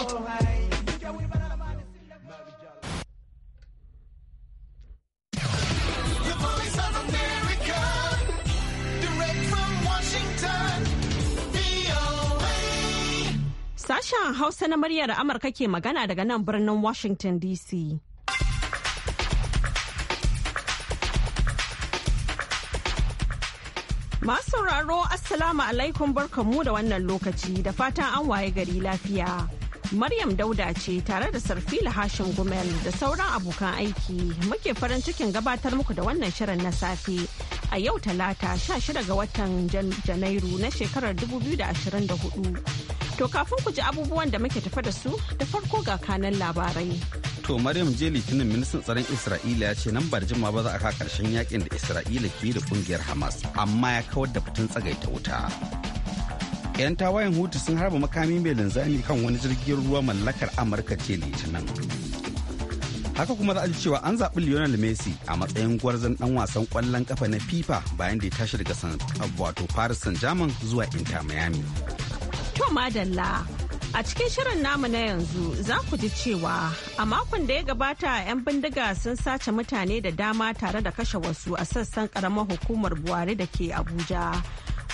Sashen Hausa na muryar Amurka ke magana daga nan birnin Washington DC. Masu sauraro Assalamu alaikum barkamu da wannan lokaci da fatan an waye gari lafiya. Maryam Dauda ce tare da Sarfila Hashin Gumel da sauran abokan aiki muke farin cikin gabatar muku da wannan shirin na safe a yau talata 16 ga watan Janairu na shekarar 2024. To kafin ku ji abubuwan da muke tafa da su da farko ga kanan labarai. To Maryam je litinin ministan tsaron Isra'ila ya ce nan ba da jima ba za a ka karshen yakin da Isra'ila ke da kungiyar Hamas amma ya kawar da fitin tsagaita wuta. 'yan tawayen hutu sun harba makami mai linzami kan wani jirgin ruwa mallakar amurka ce litinin haka kuma za a ji cewa an zaɓi lionel messi a matsayin gwarzon ɗan wasan kwallon kafa na fifa bayan da ya tashi daga wato paris saint germain zuwa inter miami to madalla a cikin shirin namu na yanzu za ku ji cewa a makon da ya gabata 'yan bindiga sun sace mutane da dama tare da kashe wasu a sassan karamar hukumar buhari da ke abuja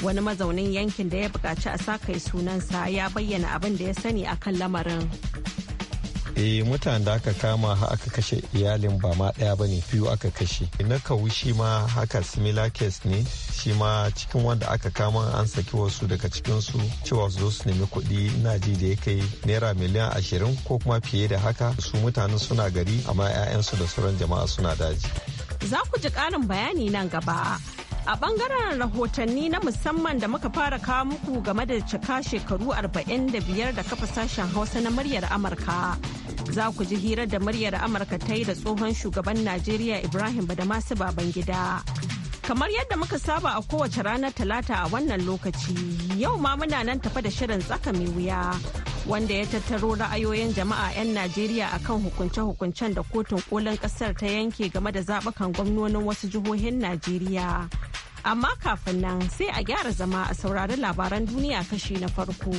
wani mazaunin yankin da ya buƙaci a sakayi sunansa ya bayyana abin da ya sani akan lamarin eh mutanen da aka kama aka kashe iyalin ba ma ɗaya ba ne biyu aka kashe na kawu shi ma haka similar case ne shi ma cikin wanda aka kama an saki wasu daga cikinsu cewa su zo su nemi kuɗi ina ji da ya kai naira miliyan ashirin ko kuma fiye da haka su mutanen suna gari amma 'ya'yansu da sauran jama'a suna daji za ku ji ƙarin bayani nan gaba A bangaren rahotanni na musamman da muka fara kawo muku game da cika shekaru 45 da kafa sashen Hausa na muryar Amurka. Za ku ji hirar da muryar Amurka ta yi da tsohon shugaban Najeriya Ibrahim baban gida Kamar yadda muka saba a kowace ranar Talata a wannan lokaci, yau ma muna nan tafa da shirin tsaka mai wuya. Wanda ya tattaro ra'ayoyin jama'a 'yan Najeriya a kan hukunce-hukuncen da kotun kolin ƙasar ta yanke game da zaɓukan gwamnonin wasu jihohin Najeriya. Amma kafin nan sai a gyara zama a saurari labaran duniya kashi na farko.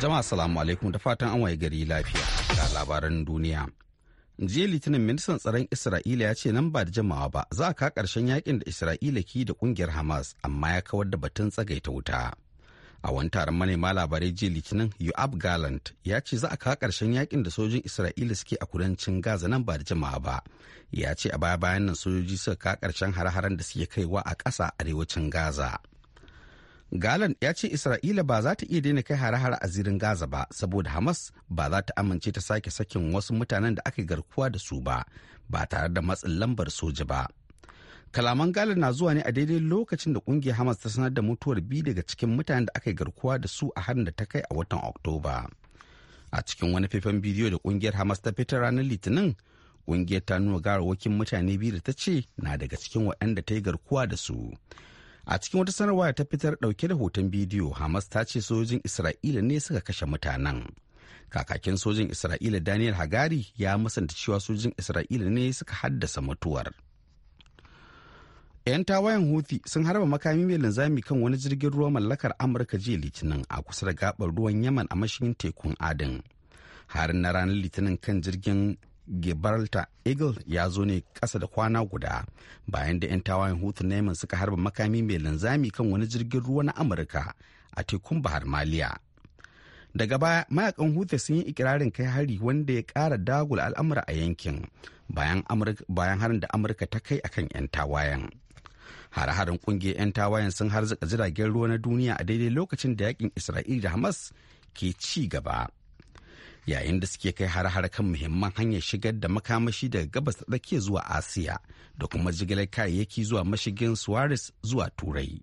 Jama'a salamu alaikum da fatan an waye gari lafiya ga labaran duniya. jiya litinin ministan tsaron isra'ila ya ce nan ba da jimawa ba za a ka karshen yakin da isra'ila ke da kungiyar hamas amma ya kawar da batun tsagaita wuta a wani taron manema labarai jiya litinin yuab gallant ya ce za a kawo ƙarshen yakin da sojojin isra'ila suke a kudancin gaza nan ba da jimawa ba ya ce a baya bayan nan sojoji suka kawo karshen hare-haren da suke kaiwa a ƙasa arewacin gaza Galand ya ce isra'ila ba za ta iya daina kai hare-hare a zirin gaza ba saboda hamas ba za ta amince ta sake sakin wasu mutanen da aka garkuwa da su ba ba tare da matsin lambar soja ba kalaman gala na zuwa ne a daidai lokacin da kungiyar hamas ta sanar da mutuwar biyu daga cikin mutanen da aka yi garkuwa da su a harin da ta kai a watan oktoba a cikin wani faifan bidiyo da kungiyar hamas ta fitar ranar litinin kungiyar ta nuna garawakin mutane biyu da ta ce na daga cikin waɗanda ta yi garkuwa da su a cikin wata sanarwa da ta fitar ɗauke da hoton bidiyo hamas ta ce sojojin isra'ila ne suka kashe mutanen kakakin sojin isra'ila daniel hagari ya musanta cewa sojin isra'ila ne suka haddasa mutuwar 'yan tawayen hutu sun harba makami mai linzami kan wani jirgin ruwa mallakar amurka jiya litinin a kusa da gabar ruwan yaman a mashigin tekun adin harin na ranar litinin kan jirgin gibraltar eagle ya zo ne kasa da kwana guda bayan da 'yan tawayen hutu na yaman suka harba makami mai linzami kan wani jirgin ruwa na amurka a tekun bahar maliya daga baya mayakan hutu sun yi ikirarin kai hari wanda ya kara dagula al'amura a yankin bayan harin da amurka ta kai akan 'yan tawayen hare-haren kungiyar 'yan tawayen sun harzuka jiragen ruwa na duniya a daidai lokacin da yakin isra'ila da hamas ke ci gaba yayin da suke kai hare-hare kan muhimman hanyar shigar da makamashi daga gabas da tsakiya zuwa asiya da kuma jigilar kayayyaki zuwa mashigin suwaris zuwa turai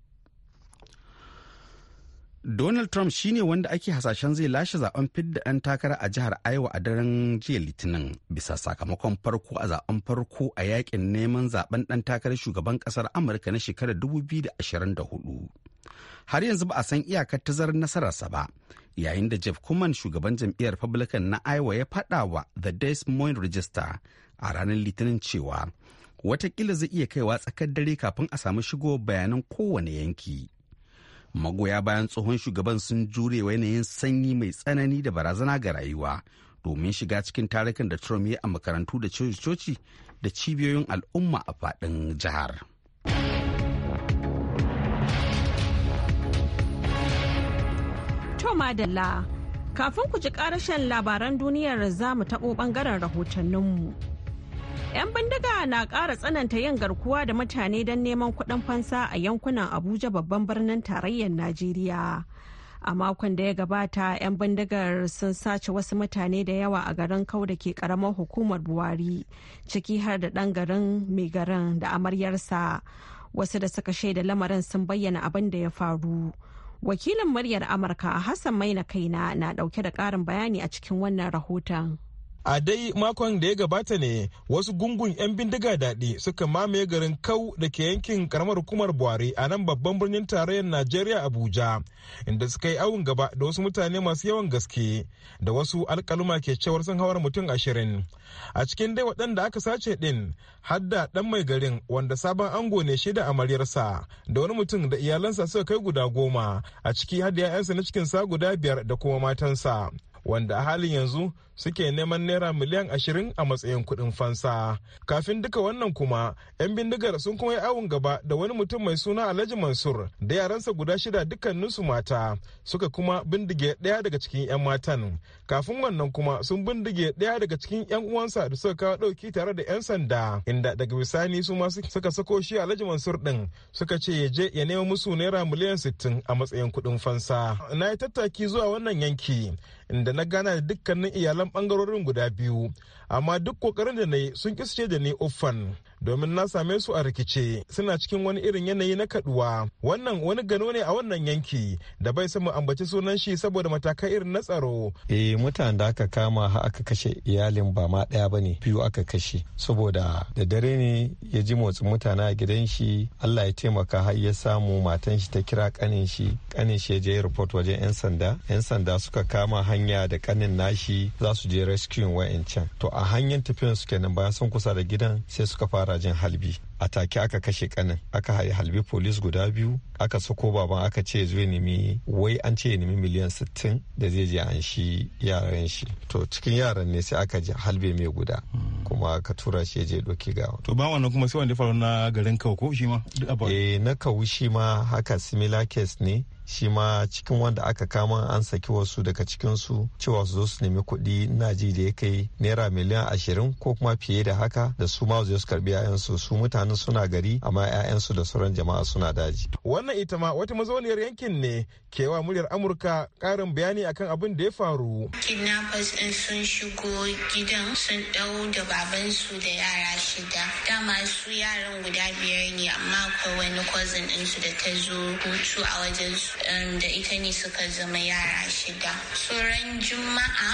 Donald Trump shine wanda ake hasashen zai lashe zaben fidda ɗan takara a jihar Iowa a daren jiya Litinin bisa sakamakon farko a zaben farko a yakin neman zaben ɗan takarar shugaban ƙasar Amurka na shekarar 2024. Har yanzu ba a san iyakar tazarar nasararsa ba, yayin da Jeff Kuman shugaban jam'iyyar Republican na Iowa ya faɗa wa The Des Moines Register a ranar Litinin cewa watakila zai iya kaiwa tsakar dare kafin a samu shigo bayanan kowane yanki. magoya bayan tsohon shugaban sun jure wa yanayin sanyi mai tsanani da barazana ga rayuwa domin shiga cikin tarikan da trump ya a makarantu da coci da cibiyoyin al'umma a fadin jihar. kafin ku ji karashen labaran duniyar za mu taɓo ɓangaren rahotanninmu. 'Yan bindiga na ƙara tsananta yin garkuwa da mutane don neman kuɗin fansa a yankunan Abuja babban birnin tarayyar Najeriya. A makon da ya gabata 'yan bindigar sun sace wasu mutane da yawa a garin Kau da ke ƙaramar hukumar Buwari, ciki har da ɗan garin mai garin da amaryarsa. Wasu da suka shaida lamarin sun bayyana abin da ya faru. Wakilin muryar Amurka Hassan Maina Kaina na ɗauke da ƙarin bayani a cikin wannan rahoton. a dai makon da ya gabata ne wasu gungun 'yan bindiga daɗi suka mamaye garin kau da ke yankin karamar hukumar buhari a nan babban birnin tarayyar najeriya abuja inda suka yi awon gaba da wasu mutane masu yawan gaske da wasu alkaluma ke cewar sun hawar mutum ashirin a cikin dai waɗanda aka sace ɗin hadda ɗan mai garin wanda sabon ango ne shida amaryarsa da wani mutum da iyalansa suka kai guda goma a ciki hadda 'ya'yansa na cikin sa guda biyar da kuma matansa wanda a halin yanzu suke neman naira miliyan ashirin a matsayin kuɗin fansa kafin duka wannan kuma 'yan bindigar sun kuma yi awon gaba da wani mutum mai suna alhaji mansur da yaransa guda shida dukkaninsu mata suka kuma bindige ɗaya daga cikin 'yan matan kafin wannan kuma sun bindige ɗaya daga cikin 'yan uwansa da suka kawo ɗauki tare da 'yan sanda inda daga bisani su ma suka sako shi alhaji mansur ɗin suka ce ya je ya nemo musu naira miliyan sittin a matsayin kuɗin fansa na yi tattaki zuwa wannan yanki inda na gana da dukkanin iyalan sauran ɓangarorin guda biyu amma duk kokarin da na yi sun kisce da ni uffan domin na same su a rikice suna cikin wani irin yanayi na kaduwa wannan wani gano ne a wannan yanki da bai mu ambaci sunan shi saboda matakai irin na tsaro eh mutanen da aka kama ha aka kashe iyalin ba ma daya bane biyu aka kashe saboda da dare ne ya ji motsin mutane a gidan shi Allah ya taimaka har ya samu matan shi ta kira kanin shi kanin shi ya je report wajen yan sanda yan sanda suka kama hanya da kanin nashi za su je rescue wa'ancan to a hanyar tafiyan su kenan bayan sun kusa da gidan sai suka fara harajin halbi a take aka kashe kanin aka haye halbi polis guda biyu aka sako baban aka ce zo nemi wai an ce ya nemi miliyan 60 da zai je an shi yaran shi to cikin yaran ne sai aka halbe mai guda kuma aka tura shi je doki gawa to ba wannan kuma sai wanda faru na garin kawo ko shi ma eh na kawo shi ma haka similar case ne shi ma cikin wanda aka kama an saki wasu daga cikinsu cewa su zo su nemi kuɗi na ji da ya kai naira miliyan ashirin ko kuma fiye da haka da su ma su karbi 'ya'yansu su mutanen suna gari amma 'ya'yansu da sauran jama'a suna daji. wannan ita ma wata mazauniyar yankin ne kewa muryar amurka karin bayani akan abin da ya faru. kidnappers ɗin sun shigo gidan sun ɗau da babansu da yara shida dama su yaran guda biyar ne amma akwai wani cousin ɗinsu da ta zo hutu a wajen su da ita ne suka zama yara shida tsoron juma'a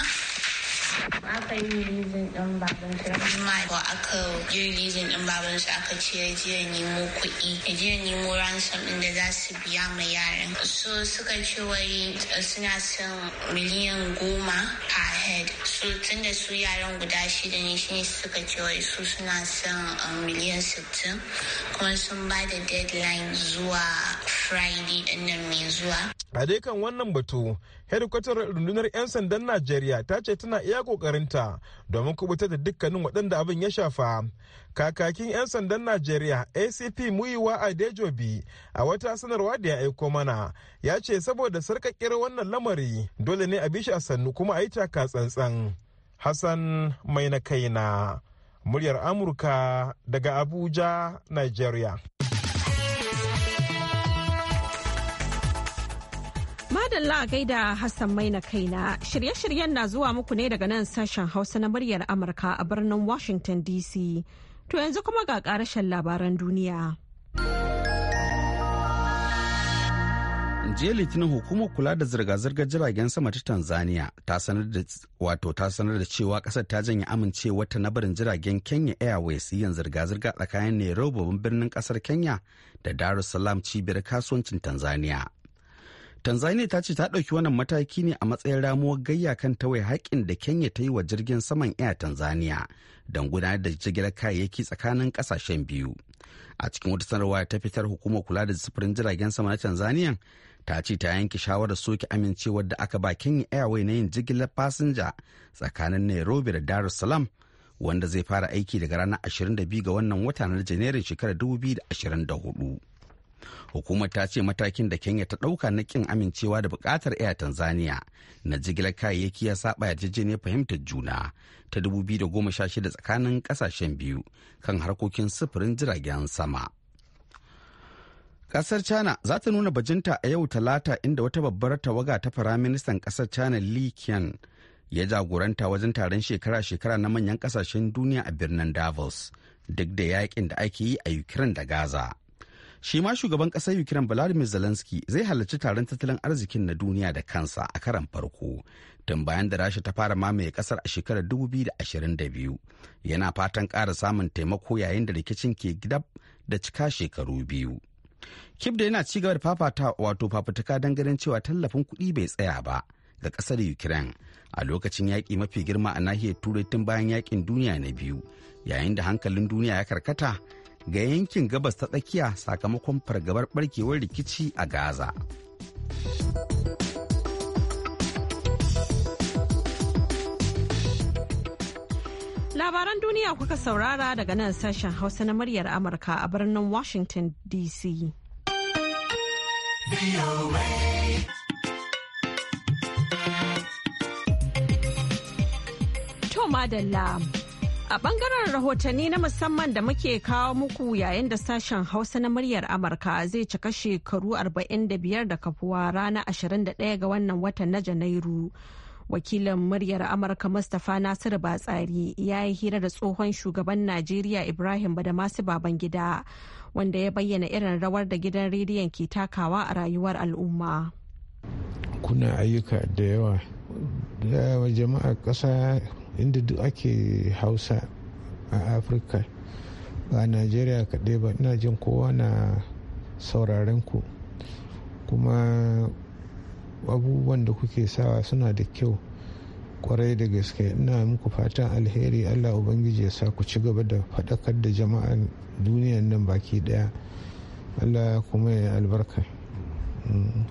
aka yi rizin ɗin baban Juma'a ko aka yi rizin ɗin baban su aka ce ya jiya nemo kuɗi ya jiya nemo ransom ɗin da za su biya ma yaran so suka ce wai eh, suna son miliyan goma per head so tun da su yaran guda shida ne shine suka ce wai su suna son eh, miliyan sittin kuma sun ba da deadline zuwa friday a dai kan wannan batu hedikwatar rundunar 'yan sandan najeriya ta ce tana iya kokarinta domin kubutar da dukkanin waɗanda abin ya shafa kakakin 'yan sandan najeriya acp muyiwa adejobi a wata sanarwa da ya aiko mana ya ce saboda sarkakkiyar wannan lamari dole ne a bishi a sannu kuma a yi taka tsantsan hassan mai na kaina muryar amurka daga abuja nigeria Allah a gaida Hassan Maina kaina shirye-shiryen na zuwa muku ne daga nan sashen Hausa na muryar Amurka a birnin Washington DC. To yanzu kuma ga karashen labaran duniya. jiya litinin hukumar kula da zirga-zirgar jiragen sama ta tanzania ta sanar da wato ta sanar da cewa kasar ta janye amincewa ta na barin jiragen kenya airways yin zirga-zirga tsakanin nairobi birnin kasar kenya da dar es salaam cibiyar kasuwancin tanzania tanzania ta ce ta ɗauki wannan mataki ne a matsayin ramuwar gayya kan tawai haƙƙin da kenya ta yi wa jirgin saman air tanzania don gudanar da jigilar kayayyaki tsakanin ƙasashen biyu a cikin wata sanarwa ta fitar hukumar kula da sufurin jiragen sama na tanzania ta ce ta yanke shawarar soke amincewar da aka ba kenya airway na yin jigilar fasinja tsakanin nairobi da dar es salaam wanda zai fara aiki daga ranar 22 ga wannan wata na janairun shekarar 2024 hukumar ta ce matakin da kenya ta ɗauka na ƙin amincewa da buƙatar air tanzania na jigilar kayayyaki ya saba yarjejeniyar fahimtar juna ta 2016 tsakanin ƙasashen biyu kan harkokin sufurin jiragen sama Kasar China za ta nuna bajinta a yau talata inda wata babbar tawaga ta firaministan kasar China Li Qian ya jagoranta wajen taron shekara-shekara na manyan kasashen duniya a birnin Davos duk da yakin da ake yi a Ukraine da Gaza. shi ma shugaban ƙasar ukraine vladimir zelensky zai halarci taron tattalin arzikin na duniya da kansa a karan farko tun bayan da rasha ta fara mamaye kasar a shekarar 2022 yana fatan kara samun taimako yayin da rikicin ke gidab da cika shekaru biyu kip da yana ci gaba da fafata wato fafutuka don ganin cewa tallafin kuɗi bai tsaya ba ga ƙasar ukraine a lokacin yaƙi mafi girma a nahiyar turai tun bayan yaƙin duniya na biyu yayin da hankalin duniya ya karkata ga yankin gabas ta tsakiya sakamakon fargabar barkewar rikici a Gaza. Labaran duniya kuka saurara daga nan sashen Hausa na muryar Amurka a birnin Washington DC. To madalla. A bangaren rahotanni na musamman da muke kawo muku yayin da sashen Hausa na muryar Amurka zai cika shekaru 45 da kafuwa ranar 21 ga wannan watan na Janairu. Wakilin muryar Amurka Mustapha Nasiru Batsari ya yi hira da tsohon shugaban Najeriya Ibrahim Badamasu Babangida wanda ya bayyana irin rawar da gidan rediyon ke takawa a rayuwar al'umma. Kuna ayyuka da yawa da jama'a ƙasa inda duk ake hausa a afirka ba najeriya kaɗai ba ina jin kowa na sauraren ku kuma abubuwan da kuke sawa suna da kyau kwarai da gaske ina muku fatan alheri allah ubangiji ya sa ku ci gaba da faɗakar da jama'a duniyan nan baki ɗaya allah kuma ya albarka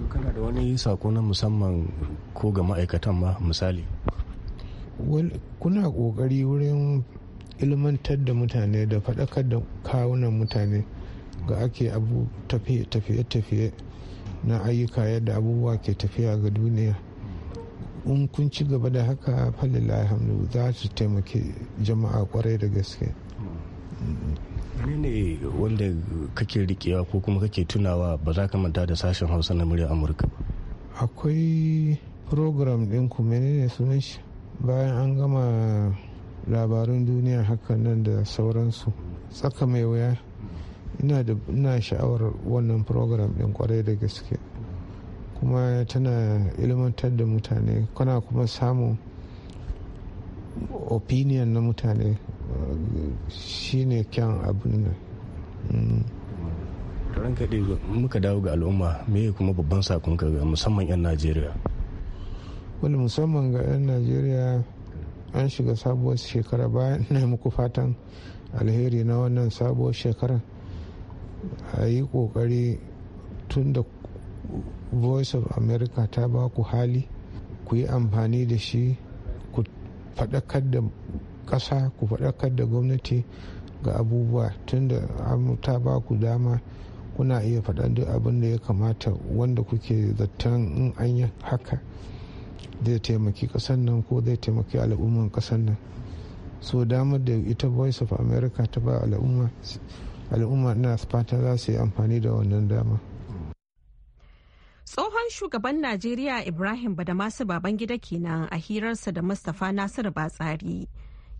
kana da wani sako na musamman ko ga ma'aikatan ma misali kuna ƙoƙari wurin ilmantar da mutane da faɗakar da kawunan mutane ga ake abu tafiye-tafiye na ayyuka yadda abubuwa ke tafiya ga duniya in kun ci gaba da haka falila hamdu za su taimaki jama'a kwarai da gaske ne ne wanda kake rikewa ko kuma kake tunawa ba za ka manta da sashen hausa na murya amurka akwai program ɗin ku menene sunan shi bayan an gama labarun duniya hakan nan da sauransu tsaka mai wuya ina sha'awar wannan program ɗin kwarai da gaske kuma tana ilmantar da mutane kuna kuma samun opinion na mutane shine kyan abin nan mm. ranka muka dawo ga al'umma me kuma babban sakon ga musamman 'yan najeriya wani musamman ga 'yan najeriya an shiga sabuwar shekara bayan na muku fatan alheri na wannan sabuwar shekara a yi kokari tun da voice of america ta ba ku hali ku yi amfani da shi ku faɗakar da ƙasa ku faɗakar da gwamnati ga abubuwa tun da ta ba ku dama kuna iya faɗan duk abin da ya kamata wanda kuke zaton in an yi haka zai taimaki kasan nan ko zai taimaki al'umman kasan nan so damar da ita voice of america ta ba al'umma al'umma na fata za su yi amfani da wannan dama tsohon shugaban najeriya ibrahim badamasu gida kenan a hirarsa da mustapha nasiru batsari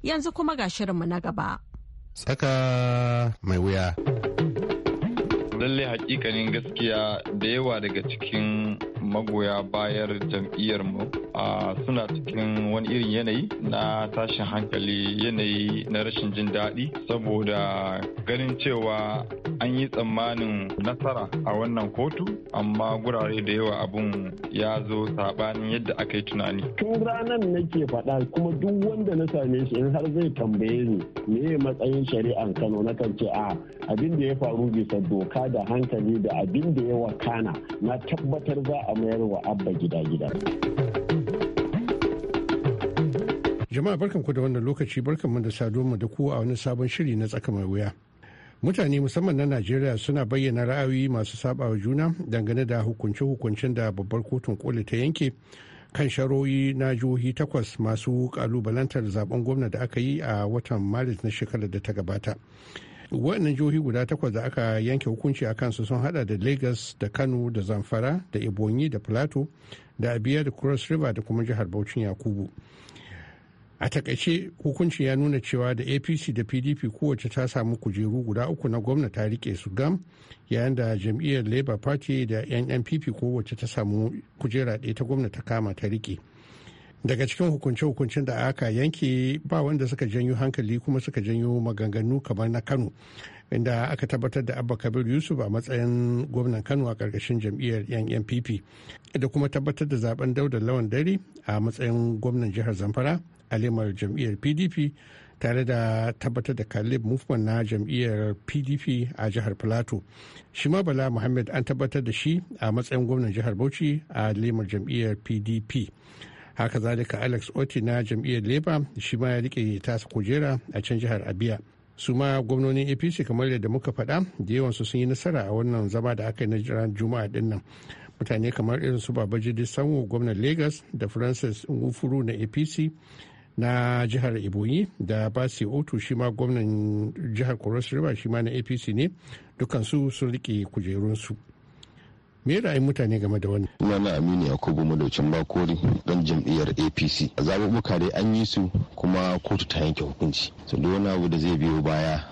yanzu kuma ga shirinmu na gaba tsaka mai wuya lallai hakikanin gaskiya da yawa daga cikin magoya bayar jam'iyyar mu suna cikin wani irin yanayi na tashin hankali yanayi na rashin jin daɗi saboda ganin cewa an yi tsammanin nasara a wannan kotu amma gurare da yawa abun ya zo saɓanin yadda aka yi tunani. Tun ranar nake faɗa kuma duk wanda na same shi in har zai tambaye ni me matsayin shari'an Kano na kan ce a abin da ya faru bisa doka da hankali da abin da ya wakana na tabbatar za amayar wa abba gida gida jama'a barkanku da wannan lokaci barkanmu da saduwa da ku a wani sabon shiri na tsaka mai wuya mutane musamman na najeriya suna bayyana ra'ayoyi masu sabawa juna dangane da hukunce-hukuncen da babbar kotun koli ta yanke kan sharoyi na jihohi takwas masu kalubalantar zaben gwamna da aka yi a watan maris na shekarar da ta gabata wannan jihohi guda takwas da aka yanke hukunci a kansu sun hada da lagos da kano da zamfara da ebonyi da plateau da abia da cross river da kuma jihar bauchin yakubu a takaice hukuncin ya nuna cewa da apc da pdp kowace ta samu kujeru guda uku na gwamnati ta rike su gam yayin da jam'iyyar labour party da nnpp kowace ta samu kujera ɗaya ta gwamnati ta kama ta rike daga cikin hukunce-hukuncen da aka yanke ba wanda suka janyo hankali kuma suka janyo maganganu kamar na kano inda aka tabbatar da abba kabir yusuf a matsayin gwamnan kano a ƙarƙashin jam'iyyar yan npp da kuma tabbatar da zaben dauda lawan dare a matsayin gwamnan jihar zamfara a alimar jam'iyyar pdp tare da tabbatar da kalib movement na jam'iyyar pdp a jihar plateau shi ma bala muhammad an tabbatar da shi a matsayin gwamnan jihar bauchi a lemar jam'iyyar pdp haka zalika alex oti na jam'iyyar leba shi ma ya rike tasa kujera a can jihar abia su ma gwamnonin apc kamar yadda muka faɗa da yawansu sun yi nasara a wannan zama da aka yi na jiran juma'a din mutane kamar irin su da sanwo gwamnan lagos da francis ngufuru na apc na jihar ibonyi da basi otu shi ma gwamnan jihar cross river shi ma na apc ne dukansu sun rike kujerunsu me ra'ayin mutane game da wannan na aminu yakubu madaucin bakori dan jam'iyyar apc a zaɓuɓɓuka dai an yi su kuma kotu ta yanke hukunci su wani abu da zai biyo baya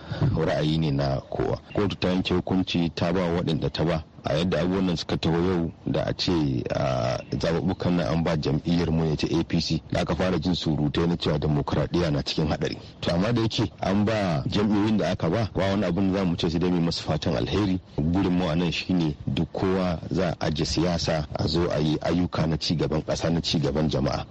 ra'ayi ne na kowa kotu ta yanke hukunci ta ba waɗanda ta ba a yadda abubuwan nan suka taho yau da a ce a zababbukan nan an ba jam'iyyar mu ne ta apc da aka fara jin surutai na cewa demokradiyya na cikin haɗari to amma da yake an ba jam'iyyoyin da aka ba ba wani abin za mu ce su dai masu fatan alheri gurin mu a nan shine duk kowa za a aje siyasa a zo a yi ayyuka na ci gaban ƙasa na ci gaban jama'a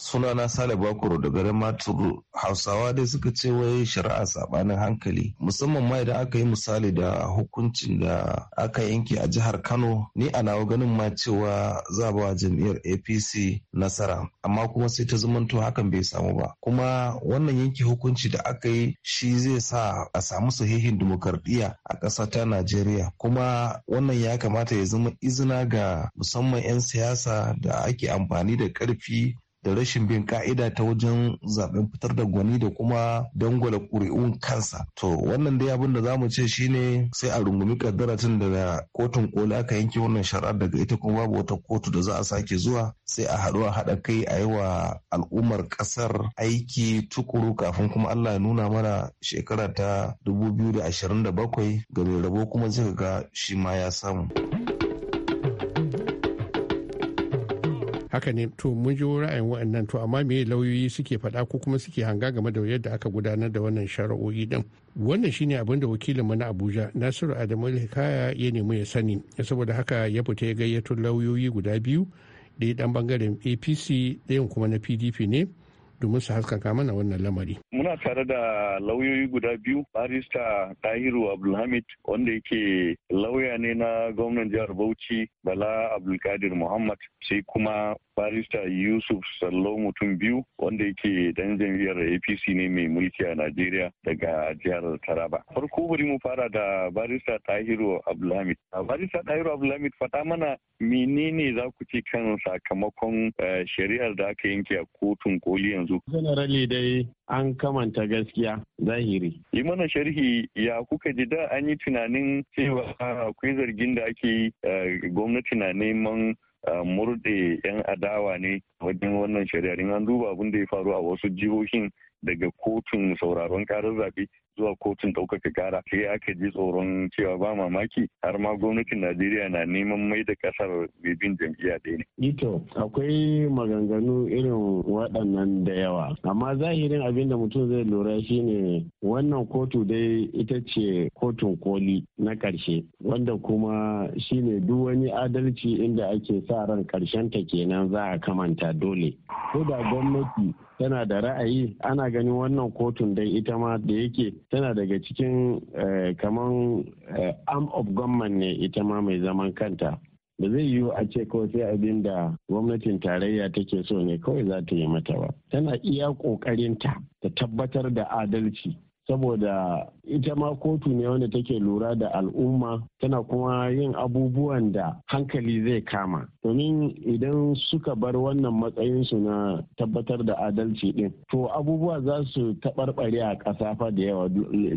sunana sale bakuru da garin maturu hausawa dai suka ce wai shari'a sabanin hankali musamman ma idan aka yi misali da hukuncin da aka yanke a jihar kano ni a nawa ganin ma cewa za ba jam'iyyar apc nasara amma kuma sai ta zumanto hakan bai samu ba kuma wannan yanke hukunci da aka yi shi zai sa a samu sahihin dimokuraɗiyya a ƙasa ta najeriya kuma wannan ya kamata ya zama izina ga musamman 'yan siyasa da ake amfani da ƙarfi da rashin bin ka'ida ta wajen zaben fitar da gwani da kuma dangwala ƙuri'un kansa to wannan dai abin da zamu ce shine sai a rungumi tun da kotun koli aka yanke wannan shari'ar daga ita kuma babu wata kotu da za a sake zuwa sai a haɗu a haɗa kai a yi wa al'ummar ƙasar aiki tukuru kafin kuma Allah ya nuna mana shekara ta bakwai ga rabo kuma zai ga shi ma ya samu. haka ne to mun ji ra'ayin wa'annan to amma me lauyoyi suke faɗa ko kuma suke hanga game da yadda aka gudanar da wannan shari'o'i din wannan shine abin da wakilin mu na abuja nasiru adamu hikaya ya nemi ya sani saboda haka ya fita ya gayyato lauyoyi guda biyu ɗaya ɗan bangaren apc ɗayan kuma na pdp ne domin su haskaka mana wannan lamari. Muna tare da lauyoyi guda biyu, barista Tahiru Abdulhamid wanda yake lauya ne na gwamnan jihar Bauchi Bala Abdulkadir Muhammad sai kuma barista Yusuf Sallo mutum biyu wanda yake dan jam'iyyar APC ne mai mulki a Najeriya daga jihar Taraba. Farko bari mu fara da barista Tahiru Abdulhamid. Barista Tahiru Abdulhamid faɗa mana menene za ku ce kan sakamakon eh, shari'ar da aka yanke a kotun koli yanzu yanzu. Generally dai an kamanta gaskiya zahiri. Yi mana sharhi ya kuka ji da an yi tunanin cewa akwai zargin da ake yi eh, gwamnati na neman eh, murɗe 'yan adawa ne wajen wannan shari'a. In an duba abin da ya faru a wasu jihohin daga kotun sauraron karar zaɓe zuwa kotun ɗaukaka kara sai aka ji tsoron cewa ba mamaki har ma gwamnatin najeriya na neman mai da ƙasar bibin jam'iyya ɗaya ne. ito akwai maganganu irin waɗannan da yawa amma zahirin abin da mutum zai lura shine wannan kotu dai ita ce kotun koli na ƙarshe wanda kuma shine duk wani adalci inda ake sa ran ƙarshen ta kenan za a kamanta dole ko da gwamnati tana da ra'ayi ana ganin wannan kotun dai ita ma da yake tana daga cikin eh, kaman eh, arm of government ne ita ma mai zaman kanta ba zai yiwu a ce kawai sai abin da gwamnatin tarayya take so ne kawai za ta yi mata ba tana iya ƙoƙarinta ta tabbatar da adalci saboda ita ma kotu ne wanda take lura da al'umma tana kuma yin abubuwan da hankali zai kama domin idan suka bar wannan matsayin su na tabbatar da adalci din to abubuwa za su taɓarɓare a ƙasa fa da yawa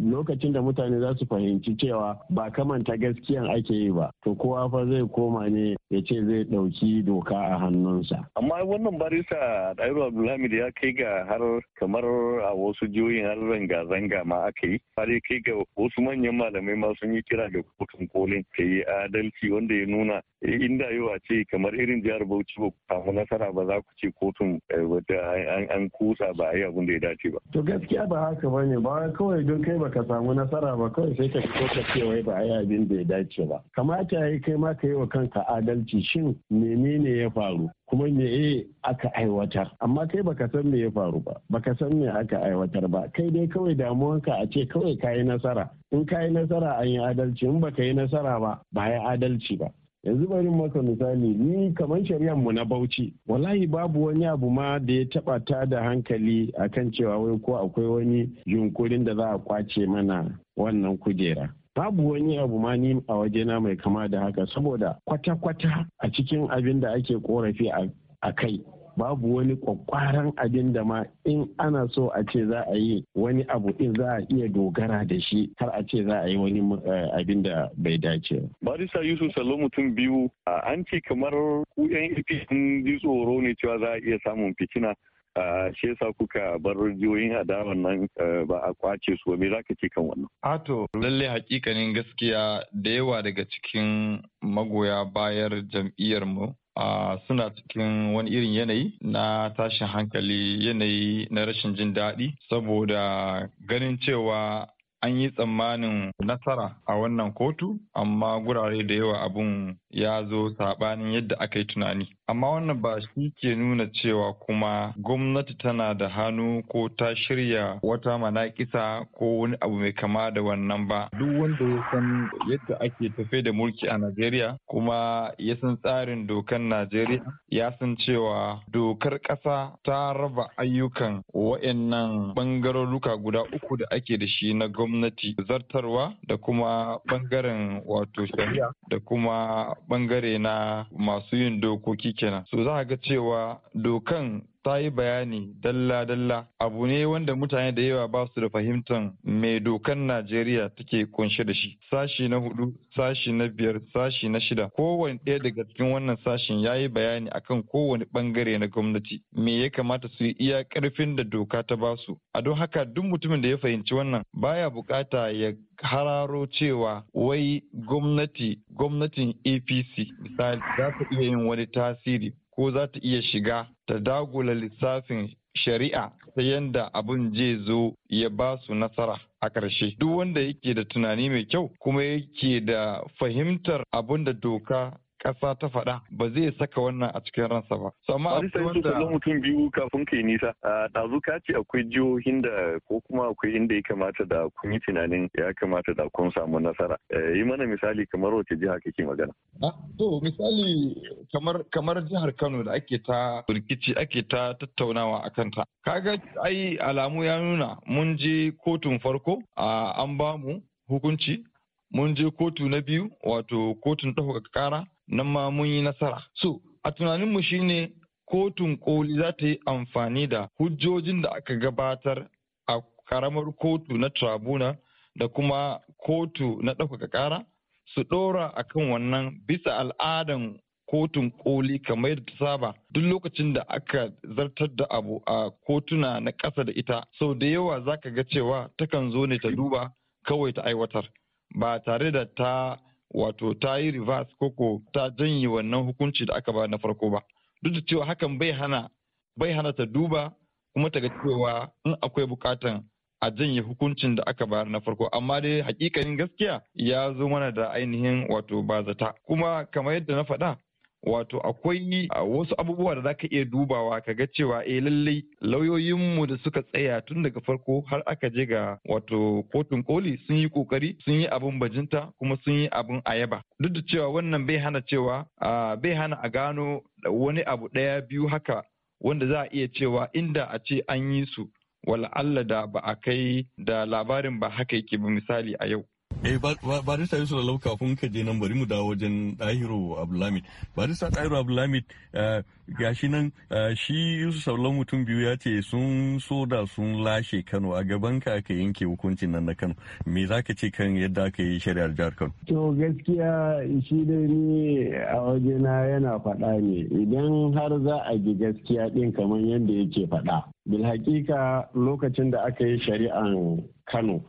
lokacin da mutane za su fahimci cewa ba ta gaskiya ake yi ba to kowa fa zai koma ne ya ce zai ɗauki doka a hannunsa amma wannan barisa ɗairu abdulhamid ya kai ga har kamar a wasu jihohin har zanga-zanga ma aka yi kai ga wasu manyan malamai ma sun yi kira ga kotun kolin ka yi adalci wanda ya nuna inda yau a ce kamar irin jihar Bauchi ba ku samu nasara ba za ku ce kotun eh, an kusa ba a yi abin da ya dace ba. To gaskiya ba haka ba ne ba kawai don kai baka samu nasara ba kawai sai ka fito ka ce wai ba a yi abin da ya dace ba. Kamata ya yi kai ma ka yi wa kanka adalci shin menene ya faru? kuma me eh, aka aiwatar amma kai baka san me ya faru ba baka san me aka aiwatar ba kai dai kawai damuwanka a ce kawai ka yi nasara in ka yi nasara an yi adalci in baka yi nasara ba ba ya adalci ba yanzu bari maka misali ni kamar shari'ar mu na bauchi wallahi babu wani abu ma da ya taba ta da hankali akan cewa wai ko akwai wani yunkurin da za a kwace mana wannan kujera babu wani abu ma ni a wajena mai kama da haka saboda kwata-kwata a cikin abin da ake korafi a kai babu wani kwakwaran abin da ma in ana so a ce za a yi wani abu in za a iya dogara da shi har a ce za a yi wani eh, abin da bai dace. Barista Yusuf Salo mutum biyu an ce kamar ku yan in sun ji tsoro ne cewa za a iya samun fitina shi yasa kuka bar jihohin adawan nan eh, ba a kwace su me zaka ce kan wannan ato lalle hakikanin gaskiya da yawa daga cikin magoya bayar jam'iyyar mu Uh, suna cikin wani irin yanayi na tashin hankali yanayi na rashin jin daɗi saboda ganin cewa an yi tsammanin nasara a wannan kotu amma gurare da yawa abun ya zo saɓanin yadda aka yi tunani amma wannan ba shi ke nuna cewa kuma gwamnati tana da hannu ko ta shirya wata manakisa ko wani abu mai kama da wannan ba duk wanda ya san yadda ake tafe da mulki a najeriya kuma ya san tsarin dokan najeriya ya san cewa dokar ƙasa ta raba ayyukan wa'annan bangarorruka guda uku da ake da shi na gwamnati zartarwa da kuma bangaren wato shari'a da kuma bangare na masu yin dokoki kenan so za ga cewa dokan ta yi bayani dalla-dalla abu ne wanda mutane da yawa ba su da fahimtar mai dokan Najeriya take kunshe da shi. Sashi na hudu, sashi na biyar, sashi na shida. Kowane ɗaya daga cikin wannan sashin ya yi bayani akan kowane ɓangare na gwamnati. Me ya kamata su yi iya ƙarfin da doka ta ba su. A don haka duk mutumin da ya fahimci wannan baya bukata ya hararo cewa wai gwamnati gwamnatin APC misali za ta iya yin wani tasiri ko za ta iya shiga ta dagula lissafin shari'a ta yadda abin zai zo ya ba su nasara a ƙarshe duk wanda yake da tunani mai kyau kuma yake da fahimtar abin da doka ƙasa ta faɗa ba zai saka wannan a cikin ransa ba. So amma akwai wanda mutum biyu kafin kai nisa ɗazu ka ce akwai jihohin da ko kuma akwai inda ya kamata da kun yi tunanin ya kamata da kun samu nasara. Yi mana misali kamar wace jiha kake magana. To misali kamar kamar jihar Kano da ake ta rikici ake ta tattaunawa a kanta. Kaga ai alamu ya nuna mun je kotun farko an ba mu hukunci mun je kotu na biyu wato kotun ɗaukaka ƙara nan ma mun yi nasara so a tunaninmu shine kotun koli za ta yi amfani da hujjojin da aka gabatar a ƙaramar kotu na tribuna da kuma kotu na ɗaukaka ƙara su ɗora a kan wannan bisa al'adan kotun koli kamar yadda ta saba duk lokacin da aka zartar da abu a kotuna na ƙasa da ita sau da yawa za ka ga cewa takan zo ne ta duba kawai ta aiwatar ba tare da ta wato ta yi reverse koko ta janye wannan hukunci da aka ba na farko ba duk da cewa hakan bai hana bai hana ta duba kuma ta ga cewa in akwai bukatan a janye hukuncin da aka bayar na farko amma dai hakikanin gaskiya ya zo mana da ainihin wato bazata kuma kamar yadda na faɗa wato akwai wasu abubuwa da zaka iya dubawa ka ga cewa eh lallai lauyoyinmu da suka tsaya tun daga farko har aka je ga wato kotun koli sun yi kokari sun yi abun bajinta kuma sun yi abin ayaba duk da cewa wannan bai hana cewa bai hana a gano wani abu ɗaya biyu haka wanda za a iya cewa inda a ce an yi su wala Allah da ba a kai da labarin ba haka yake ba misali a yau Eh barista Yusuf Lalau kafin ka je nan bari mu dawo wajen Dahiru Abdulhamid. Barista Dahiru Abdulhamid eh, gashi nan eh, shi Yusuf Lalau mutum biyu ya ce sun so da sun lashe Kano a gaban ka aka yanke hukuncin nan na Kano. Me za ka ce kan yadda aka yi shari'ar jihar Kano? To gaskiya shi da ni a wajena yana faɗa ne idan har za a ji gaskiya ɗin kamar yadda yake faɗa. Bilhakika lokacin da aka yi shari'an Kano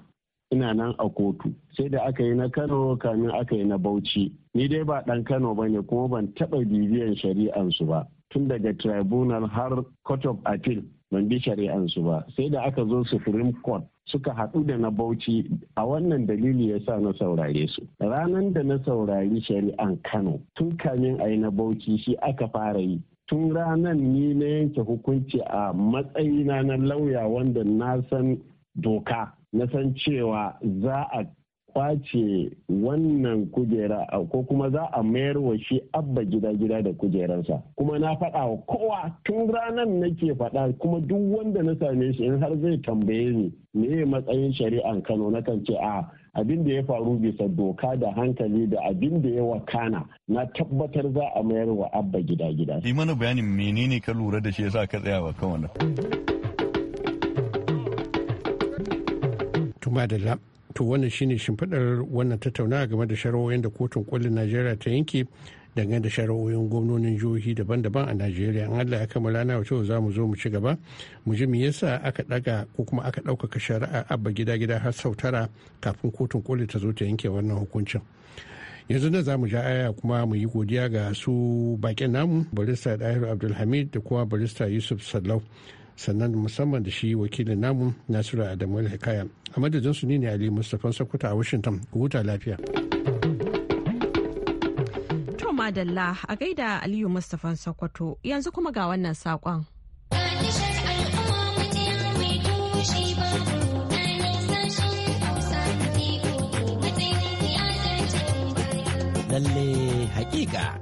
ina nan a kotu sai da aka yi na kano kamin aka yi na bauchi ni dai ba ɗan kano ba ne kuma ban taɓa bibiyan shari'an su ba tun daga tribunal har court of appeal ban bi su ba sai da aka zo supreme court suka haɗu da na bauchi a wannan dalili ya sa na saurare su ranar da na saurari shari'an kano tun kamin a yi na bauchi shi aka fara yi tun ranar ni na yanke hukunci a matsayina na lauya wanda na san doka na san cewa za a kwace wannan kujera ko kuma za a mayar wa shi abba gida-gida da kujeransa kuma na faɗa wa kowa tun ranar nake faɗa kuma duk wanda na same shi in har zai tambaye ni me matsayin shari'an kano na kan ce a abin da ya faru bisa doka da hankali da abin da ya wakana na tabbatar za a mayar wa abba gida-gida. mana bayanin menene ka lura da shi yasa ka tsaya wa madalla to wannan shine shimfiɗar wannan tattaunawa game da shari'o'in da kotun kolin najeriya ta yanke dangane da shari'o'in gwamnonin jihohi daban-daban a najeriya in allah ya kammala na wato za mu zo mu ci gaba mu ji me yasa aka daga ko kuma aka ɗaukaka shari'a abba gida-gida har sau tara kafin kotun koli ta zo ta yanke wannan hukuncin yanzu nan za mu ja aya kuma mu yi godiya ga su bakin namu barista dahiru abdulhamid da kuma barista yusuf sallau sannan musamman da shi wakilin namu nasiru adamu hikaya a madadin su ne ali mustapha sakuta a washington huta lafiya to madalla a gaida aliyu mustapha sakwato yanzu kuma ga wannan saƙon. lalle hakika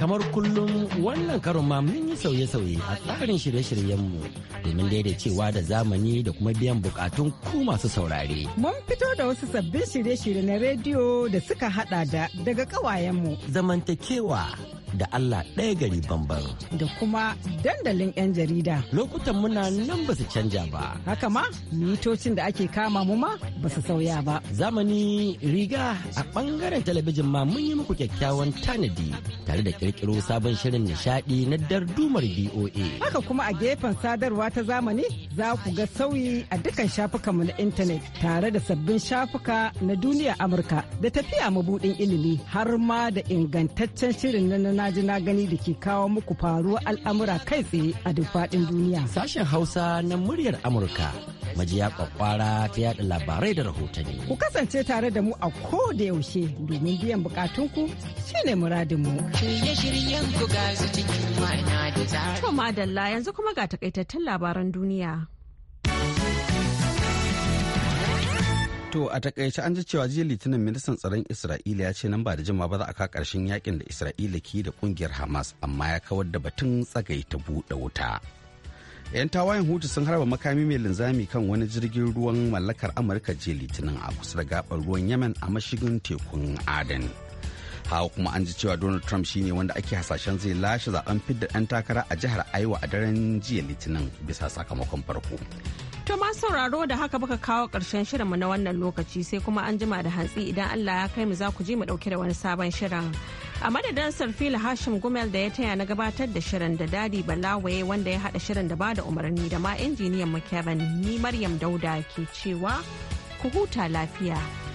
kamar kullum wannan karon ma mun yi sauye-sauye a tsarin shirye-shiryenmu domin daidaicewa da zamani da kuma biyan bukatun ku masu saurare. Mun fito da wasu sabbin shirye-shirye na rediyo da suka hada da daga kawayenmu. Zamantakewa da Allah ɗaya gari bambam. Da kuma dandalin 'yan jarida. Lokutan muna nan ba su canja ba. Haka ma, mitocin da ake kama mu ma ba su sauya ba. Zamani riga a ɓangaren talabijin ma mun yi muku kyakkyawan tanadi tare da ƙirƙiro sabon shirin nishaɗi na dardumar BOA. Haka kuma a gefen sadarwa ta zamani za ku ga sauyi a dukkan shafukanmu na intanet tare da sabbin shafuka na duniya Amurka da tafiya mabuɗin ilimi har ma da ingantaccen shirin na na ji na gani da ke kawo muku faruwar al'amura kai tsaye a duk faɗin duniya. Sashen Hausa na muryar Amurka majiya kwakwara ta yada labarai da rahotanni. Ku kasance tare da mu a ko da yaushe domin biyan bukatunku shine muradinmu. Shirye-shiryen ku ga su cikin To madalla yanzu kuma ga takaitattun labaran duniya. To a takaice an ji cewa jiya litinin ministan tsaron Isra'ila ya ce nan ba da jima ba za a ka karshen yakin da Isra'ila ke da kungiyar Hamas amma ya kawar da batun tsagai ta buɗe wuta. 'Yan tawayen hutu sun harba makami mai linzami kan wani jirgin ruwan mallakar Amurka jiya litinin a kusa da gabar ruwan Yemen a mashigin tekun Aden. Hawa kuma an ji cewa Donald Trump shine wanda ake hasashen zai lashe zaben fidda ɗan takara a jihar aiwa a daren jiya litinin bisa sakamakon farko. To ma sauraro da haka baka kawo ƙarshen shirinmu na wannan lokaci sai kuma an jima da hantsi idan Allah ya kai mu za ku je mu ɗauki da wani sabon shirin. A madadin Sarfila Hashim Gumel da ya taya na gabatar da shirin da Dadi Balawaye wanda ya haɗa shirin da bada umarni da ma injiniyan mu Kevin ni Maryam Dauda ke cewa ku huta lafiya.